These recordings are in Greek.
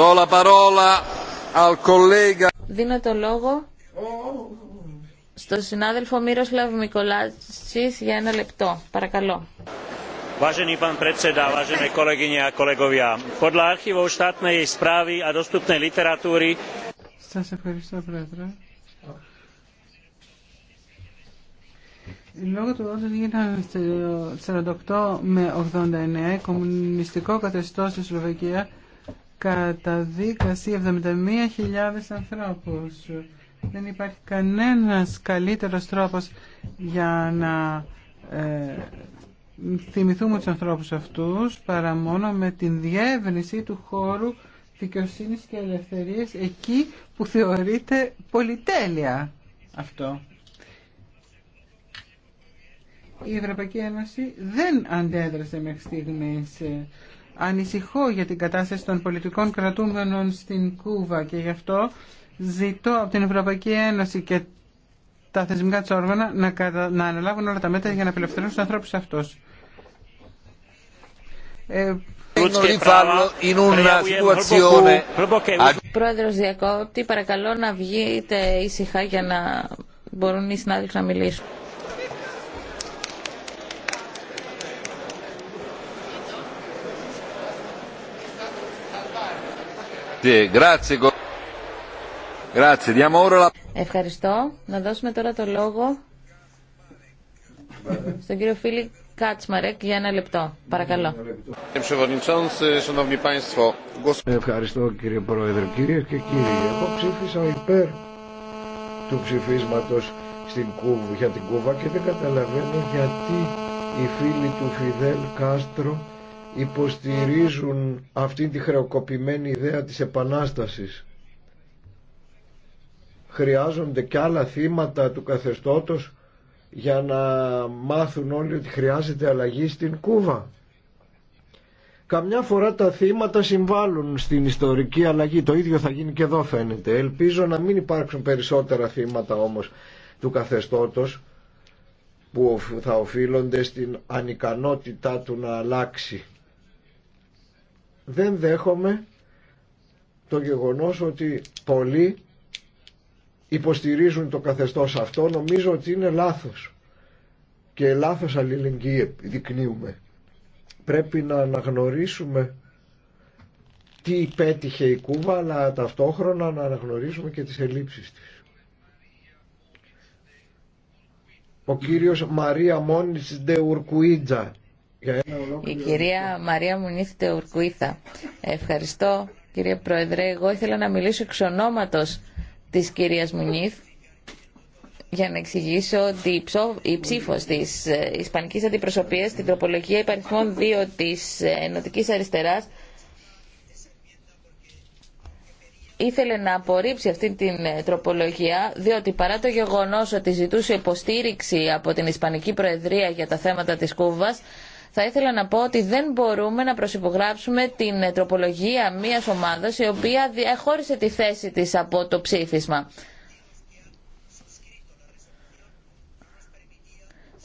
Do la parola al collega. Δίνω το λόγο στον συνάδελφο Μύροσλαβ Μικολάτσης για ένα λεπτό. Παρακαλώ. Vážený pán predseda, vážené kolegyne a kolegovia, podľa archívov štátnej správy a dostupnej literatúry Σας ευχαριστώ, Πρόεδρε. Λόγω του όταν έγιναν 48 με 89 κομμουνιστικό καθεστώ στη Σλοβακία καταδίκαση 71.000 ανθρώπους. Δεν υπάρχει κανένας καλύτερος τρόπος για να ε, θυμηθούμε τους ανθρώπους αυτούς παρά μόνο με την διεύρυνση του χώρου δικαιοσύνης και ελευθερίας εκεί που θεωρείται πολυτέλεια αυτό. Η Ευρωπαϊκή Ένωση δεν αντέδρασε μέχρι στιγμής Ανησυχώ για την κατάσταση των πολιτικών κρατούμενων στην Κούβα και γι' αυτό ζητώ από την Ευρωπαϊκή Ένωση και τα θεσμικά της όργανα να, να αναλάβουν όλα τα μέτρα για να απελευθερώσουν τους ανθρώπους αυτούς. Ε... Πρόεδρος Διακόπτη, παρακαλώ να βγείτε ήσυχα για να μπορούν οι συνάδελφοι να μιλήσουν. Ευχαριστώ. Να δώσουμε τώρα το λόγο στον κύριο Φίλι Κάτσμαρεκ για ένα λεπτό. Παρακαλώ. Ευχαριστώ κύριε Πρόεδρε. Κύριε και κύριοι, εγώ ψήφισα υπέρ του ψηφίσματος στην για την Κούβα και δεν καταλαβαίνω γιατί οι φίλοι του Φιδέλ Κάστρο υποστηρίζουν αυτή τη χρεοκοπημένη ιδέα της επανάστασης. Χρειάζονται και άλλα θύματα του καθεστώτος για να μάθουν όλοι ότι χρειάζεται αλλαγή στην Κούβα. Καμιά φορά τα θύματα συμβάλλουν στην ιστορική αλλαγή. Το ίδιο θα γίνει και εδώ φαίνεται. Ελπίζω να μην υπάρξουν περισσότερα θύματα όμως του καθεστώτος που θα οφείλονται στην ανικανότητά του να αλλάξει δεν δέχομαι το γεγονός ότι πολλοί υποστηρίζουν το καθεστώς αυτό νομίζω ότι είναι λάθος και λάθος αλληλεγγύη δεικνύουμε πρέπει να αναγνωρίσουμε τι πέτυχε η Κούβα αλλά ταυτόχρονα να αναγνωρίσουμε και τις ελλείψεις της ο κύριος Μαρία Μόνης Ντεουρκουίτζα η κυρία Μαρία Μουνίθ Τεουρκούιθα. Ευχαριστώ κύριε Πρόεδρε. Εγώ ήθελα να μιλήσω εξ ονόματος της κυρίας Μουνίθ για να εξηγήσω ότι η ψήφος της ε, Ισπανικής Αντιπροσωπείας στην τροπολογία υπαριθμών 2 της ε, Ενωτικής Αριστεράς ήθελε να απορρίψει αυτή την ε, τροπολογία, διότι παρά το γεγονός ότι ζητούσε υποστήριξη από την Ισπανική Προεδρία για τα θέματα της Κούβας, θα ήθελα να πω ότι δεν μπορούμε να προσυπογράψουμε την τροπολογία μιας ομάδας η οποία διαχώρισε τη θέση της από το ψήφισμα.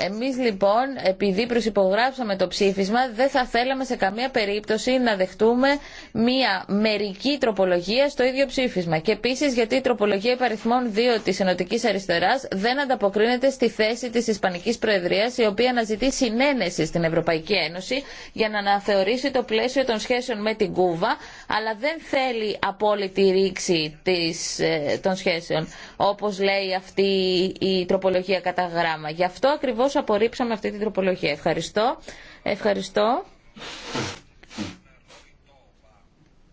Εμείς λοιπόν, επειδή προσυπογράψαμε το ψήφισμα, δεν θα θέλαμε σε καμία περίπτωση να δεχτούμε μία μερική τροπολογία στο ίδιο ψήφισμα. Και επίσης γιατί η τροπολογία υπαριθμών 2 της Ενωτική Αριστεράς δεν ανταποκρίνεται στη θέση της Ισπανικής Προεδρίας, η οποία αναζητεί συνένεση στην Ευρωπαϊκή Ένωση για να αναθεωρήσει το πλαίσιο των σχέσεων με την Κούβα, αλλά δεν θέλει απόλυτη ρήξη της, ε, των σχέσεων, όπως λέει αυτή η τροπολογία κατά γράμμα. Γι' αυτό απορρίψαμε αυτή την τροπολογία. Ευχαριστώ. Ευχαριστώ.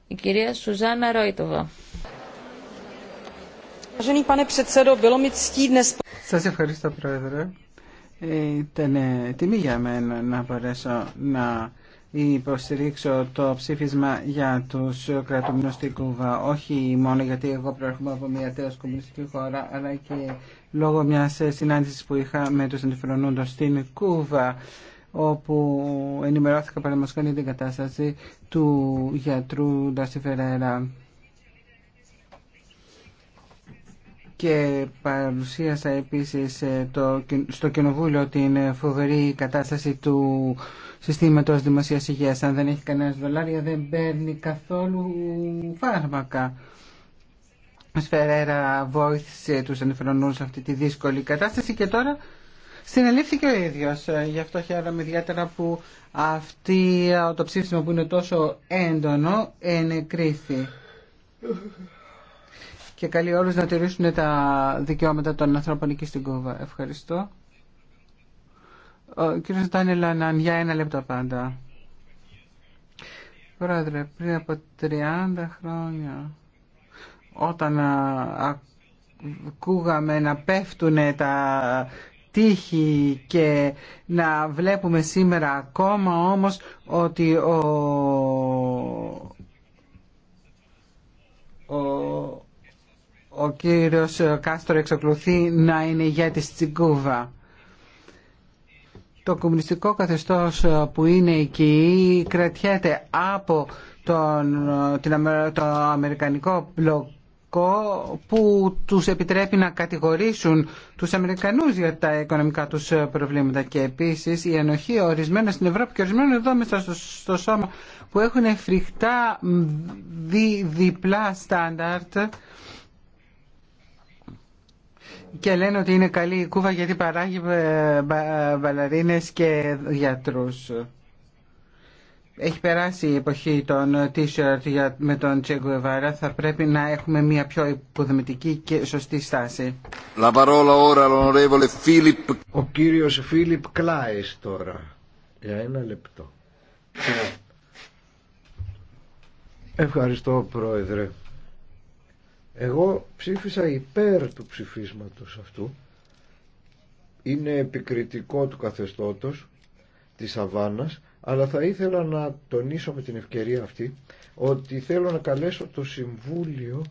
Η κυρία Σουζάννα Ρόιτοβα. Σας ευχαριστώ, Πρόεδρε. Ε, Ήταν τιμή για μένα να μπορέσω να υποστηρίξω το ψήφισμα για τους κρατούμενους στην Κούβα. Όχι μόνο γιατί εγώ προέρχομαι από μια τέλος κομμουνιστική χώρα, αλλά και λόγω μιας συνάντησης που είχα με τους αντιφρονούντε στην Κούβα όπου ενημερώθηκα παραδείγματος την κατάσταση του γιατρού Φεραίρα και παρουσίασα επίσης ε, το, στο κοινοβούλιο την φοβερή κατάσταση του συστήματος δημοσίας υγείας. Αν δεν έχει κανένα δολάρια δεν παίρνει καθόλου φάρμακα. Ο Σφερέρα βοήθησε τους ανεφερονούς σε αυτή τη δύσκολη κατάσταση και τώρα συνελήφθηκε ο ίδιος. Γι' αυτό χαίρομαι ιδιαίτερα που αυτή το ψήφισμα που είναι τόσο έντονο ενεκρίθη και καλεί όλους να τηρήσουν τα δικαιώματα των ανθρώπων εκεί στην Κούβα. Ευχαριστώ. Ο κύριος Λανάν, για ένα λεπτό πάντα. Πρόεδρε, πριν από 30 χρόνια, όταν ακούγαμε να πέφτουν τα τύχη και να βλέπουμε σήμερα ακόμα όμως ότι ο, ο, ο κύριος Κάστρο εξακολουθεί να είναι ηγέτης της Κούβα το κομμουνιστικό καθεστώς ε, που είναι εκεί κρατιέται από τον, ε, την, το αμερικανικό μπλοκό που τους επιτρέπει να κατηγορήσουν τους Αμερικανούς για τα οικονομικά τους ε, προβλήματα και επίσης η ενοχή ορισμένα στην Ευρώπη και ορισμένα εδώ μέσα στο, σώμα που έχουν φρικτά διπλά στάνταρτ και λένε ότι είναι καλή η Κούβα γιατί παράγει ε, μπαλαρίνες και γιατρούς. Έχει περάσει η εποχή των t με τον εβάρα Θα πρέπει να έχουμε μια πιο υποδομητική και σωστή στάση. Ο κύριος Φίλιπ Κλάις τώρα. Για ένα λεπτό. Ναι. Ευχαριστώ πρόεδρε. Εγώ ψήφισα υπέρ του ψηφίσματος αυτού. Είναι επικριτικό του καθεστώτος της Αβάνας, αλλά θα ήθελα να τονίσω με την ευκαιρία αυτή ότι θέλω να καλέσω το Συμβούλιο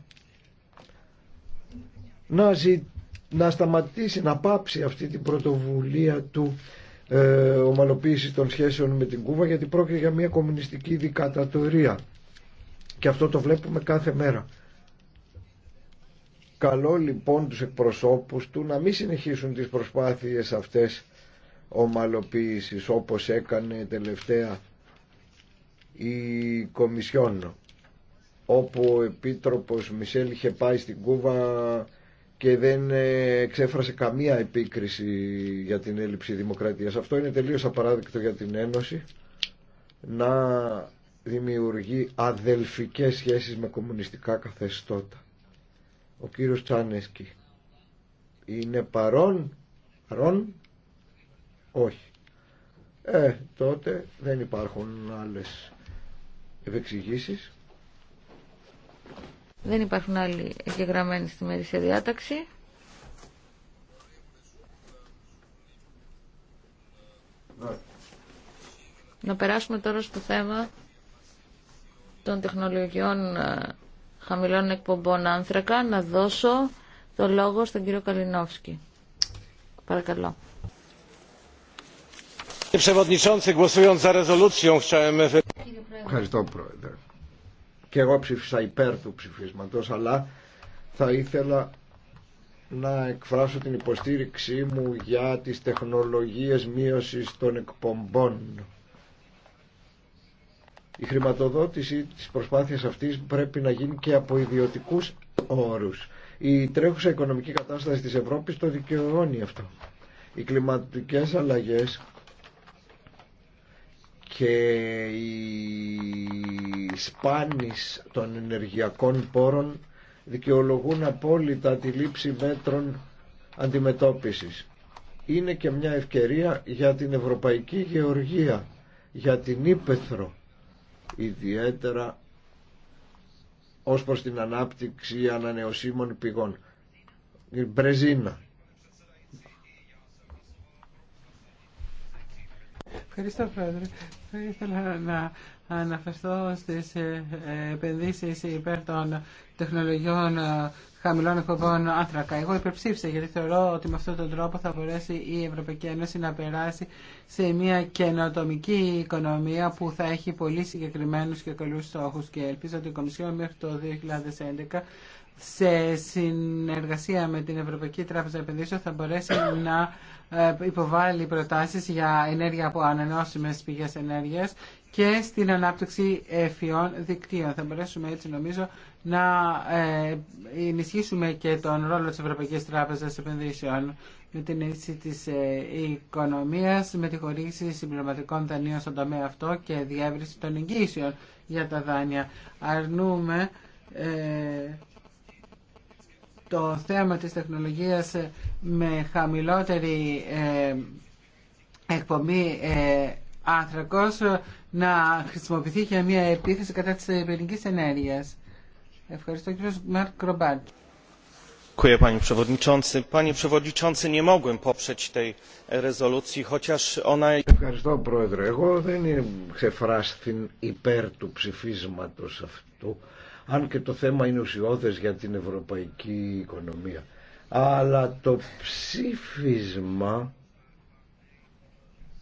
να, να σταματήσει, να πάψει αυτή την πρωτοβουλία του ε, των σχέσεων με την Κούβα γιατί πρόκειται για μια κομμουνιστική δικατατορία και αυτό το βλέπουμε κάθε μέρα. Καλό λοιπόν τους εκπροσώπους του να μην συνεχίσουν τις προσπάθειες αυτές ομαλοποίησης όπως έκανε τελευταία η Κομισιόν όπου ο Επίτροπος Μισελ είχε πάει στην Κούβα και δεν ε, εξέφρασε καμία επίκριση για την έλλειψη δημοκρατίας. Αυτό είναι τελείως απαράδεκτο για την Ένωση να δημιουργεί αδελφικές σχέσεις με κομμουνιστικά καθεστώτα. Ο κύριος Τσάνεσκι. Είναι παρόν. Παρόν. Όχι. Ε, τότε δεν υπάρχουν άλλες ευεξηγήσεις. Δεν υπάρχουν άλλοι εγγεγραμμένοι στη σε διάταξη. Να περάσουμε τώρα στο θέμα των τεχνολογιών ε, χαμηλών εκπομπών άνθρακα να δώσω το λόγο στον κύριο Καλινόφσκι. Παρακαλώ. Ευχαριστώ πρόεδρε. Και εγώ ψήφισα υπέρ του ψηφίσματος αλλά θα ήθελα να εκφράσω την υποστήριξή μου για τις τεχνολογίες μείωσης των εκπομπών η χρηματοδότηση της προσπάθειας αυτής πρέπει να γίνει και από ιδιωτικούς όρους. Η τρέχουσα οικονομική κατάσταση της Ευρώπης το δικαιώνει αυτό. Οι κλιματικές αλλαγές και η σπάνης των ενεργειακών πόρων δικαιολογούν απόλυτα τη λήψη μέτρων αντιμετώπισης. Είναι και μια ευκαιρία για την Ευρωπαϊκή Γεωργία, για την Ήπεθρο, ιδιαίτερα ως προς την ανάπτυξη ανανεωσίμων πηγών. Η Μπρεζίνα. Ευχαριστώ, Πρόεδρε. Θα ήθελα να αναφερθώ στις ε, ε, επενδύσεις υπέρ των τεχνολογιών ε, χαμηλών εκπομπών άνθρακα. Εγώ υπερψήφισα γιατί θεωρώ ότι με αυτόν τον τρόπο θα μπορέσει η Ευρωπαϊκή Ένωση να περάσει σε μια καινοτομική οικονομία που θα έχει πολύ συγκεκριμένους και καλούς στόχους και ελπίζω ότι η Κομισιόν μέχρι το 2011 σε συνεργασία με την Ευρωπαϊκή Τράπεζα Επενδύσεων θα μπορέσει να ε, υποβάλει προτάσεις για ενέργεια από ανανεώσιμες πηγές ενέργειας και στην ανάπτυξη εφιών δικτύων. Θα μπορέσουμε έτσι νομίζω να ε, ενισχύσουμε και τον ρόλο της Ευρωπαϊκής Τράπεζας Επενδύσεων με την ενίσχυση της ε, οικονομίας, με τη χορήγηση συμπληρωματικών δανείων στον τομέα αυτό και διεύρυνση των εγγύσεων για τα δάνεια. Αρνούμε το θέμα της τεχνολογίας με χαμηλότερη ε, εκπομπή ε, άνθρακος να χρησιμοποιηθεί για μια επίθεση κατά της ελληνικής ενέργειας. Ευχαριστώ κύριε Μαρκ Κρομπάντ. Panie Przewodniczący. Panie Przewodniczący, nie mogłem poprzeć tej rezolucji, chociaż ona... Ευχαριστώ Πρόεδρε. Εγώ δεν ξεφράστην υπέρ του ψηφίσματος αυτού αν και το θέμα είναι ουσιώδες για την ευρωπαϊκή οικονομία. Αλλά το ψήφισμα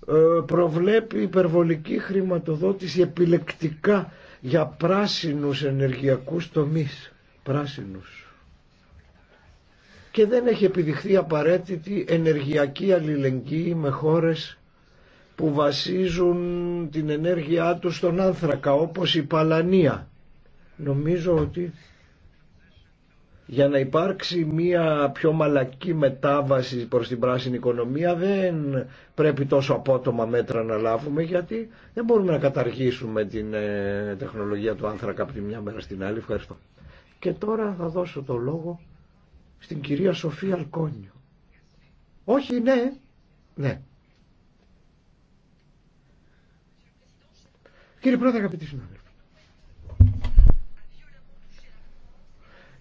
ε, προβλέπει υπερβολική χρηματοδότηση επιλεκτικά για πράσινους ενεργειακούς τομείς. Πράσινους. Και δεν έχει επιδειχθεί απαραίτητη ενεργειακή αλληλεγγύη με χώρες που βασίζουν την ενέργειά τους στον άνθρακα όπως η Παλανία Νομίζω ότι για να υπάρξει μία πιο μαλακή μετάβαση προς την πράσινη οικονομία δεν πρέπει τόσο απότομα μέτρα να λάβουμε γιατί δεν μπορούμε να καταργήσουμε την ε, τεχνολογία του άνθρακα από τη μια μέρα στην άλλη. Ευχαριστώ. Και τώρα θα δώσω το λόγο στην κυρία Σοφία Αλκόνιο. Όχι, ναι, ναι. Κύριε Πρόεδρε, αγαπητοί συνάδελφοι.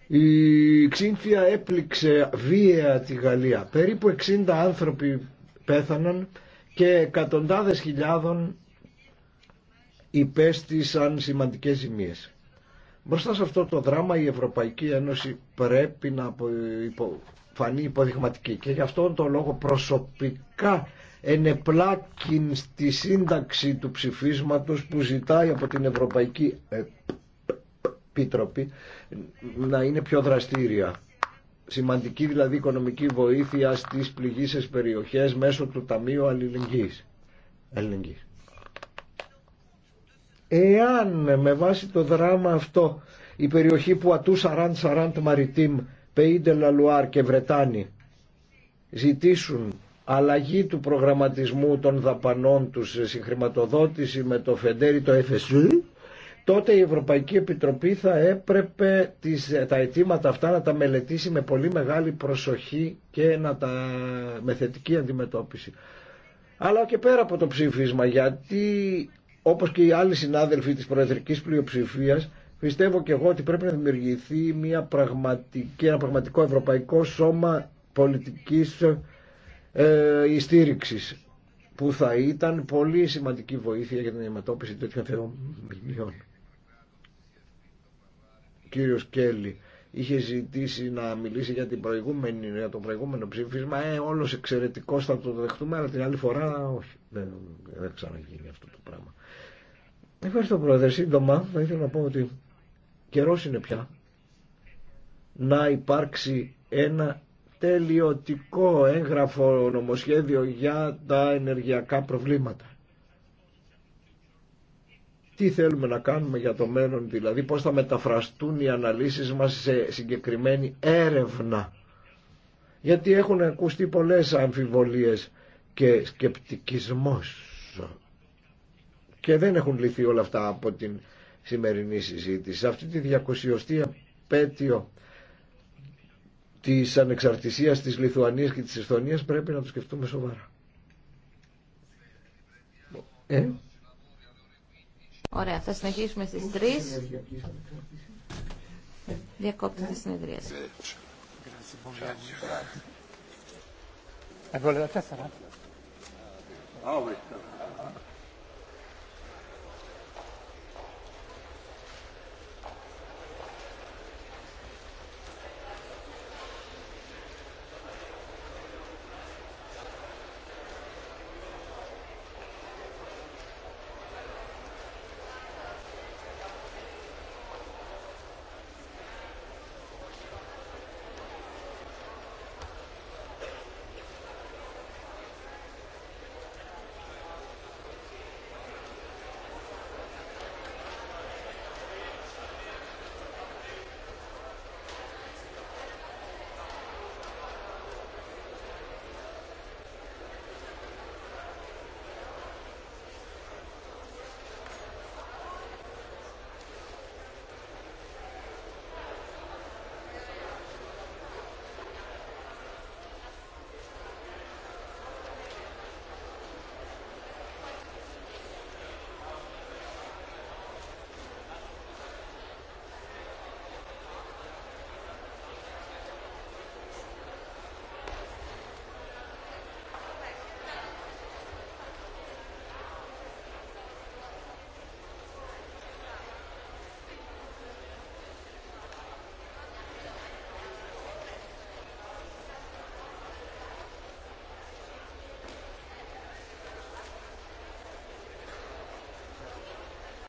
Η Ξύνθια έπληξε βία τη Γαλλία. Περίπου 60 άνθρωποι πέθαναν και εκατοντάδες χιλιάδων υπέστησαν σημαντικές ζημίες. Μπροστά σε αυτό το δράμα η Ευρωπαϊκή Ένωση πρέπει να φανεί υποδειγματική και γι' αυτόν τον λόγο προσωπικά ενεπλάκην στη σύνταξη του ψηφίσματος που ζητάει από την Ευρωπαϊκή ε- να είναι πιο δραστήρια. Σημαντική δηλαδή οικονομική βοήθεια στις πληγήσεις περιοχές μέσω του Ταμείου Αλληλεγγύης. Αλληλεγγύης. Εάν με βάση το δράμα αυτό η περιοχή που ατού Σαράντ Σαράντ Μαριτίμ, Πέιντε Λαλουάρ και Βρετάνη ζητήσουν αλλαγή του προγραμματισμού των δαπανών τους σε συγχρηματοδότηση με το Φεντέρι το FSU τότε η Ευρωπαϊκή Επιτροπή θα έπρεπε τις, τα αιτήματα αυτά να τα μελετήσει με πολύ μεγάλη προσοχή και να τα με θετική αντιμετώπιση. Αλλά και πέρα από το ψήφισμα, γιατί όπως και οι άλλοι συνάδελφοι της προεδρικής πλειοψηφίας, πιστεύω και εγώ ότι πρέπει να δημιουργηθεί μια πραγματική, ένα πραγματικό ευρωπαϊκό σώμα πολιτικής ε, που θα ήταν πολύ σημαντική βοήθεια για την αντιμετώπιση τέτοιων θεών κύριος Κέλλη είχε ζητήσει να μιλήσει για, την προηγούμενη, για το προηγούμενο ψήφισμα ε, όλος εξαιρετικός θα το δεχτούμε αλλά την άλλη φορά όχι δεν, δεν ξαναγίνει αυτό το πράγμα Ευχαριστώ πρόεδρε σύντομα θα ήθελα να πω ότι καιρό είναι πια να υπάρξει ένα τελειωτικό έγγραφο νομοσχέδιο για τα ενεργειακά προβλήματα τι θέλουμε να κάνουμε για το μέλλον, δηλαδή πώς θα μεταφραστούν οι αναλύσεις μας σε συγκεκριμένη έρευνα. Γιατί έχουν ακουστεί πολλές αμφιβολίες και σκεπτικισμός. Και δεν έχουν λυθεί όλα αυτά από την σημερινή συζήτηση. Σε αυτή τη διακοσιωστή απέτειο της ανεξαρτησίας της Λιθουανίας και της Εσθονίας πρέπει να το σκεφτούμε σοβαρά. Ε? Ωραία, θα συνεχίσουμε στις 3. Διακόπτω τη συνεδρίαση. Grazie, ε,